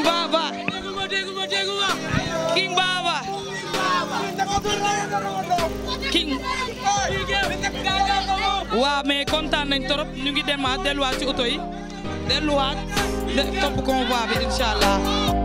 King Baba King mais kontaan nañ trop ñu ngi demaat delluwaat ci oto yi delluwaat topp convoi bi incha allah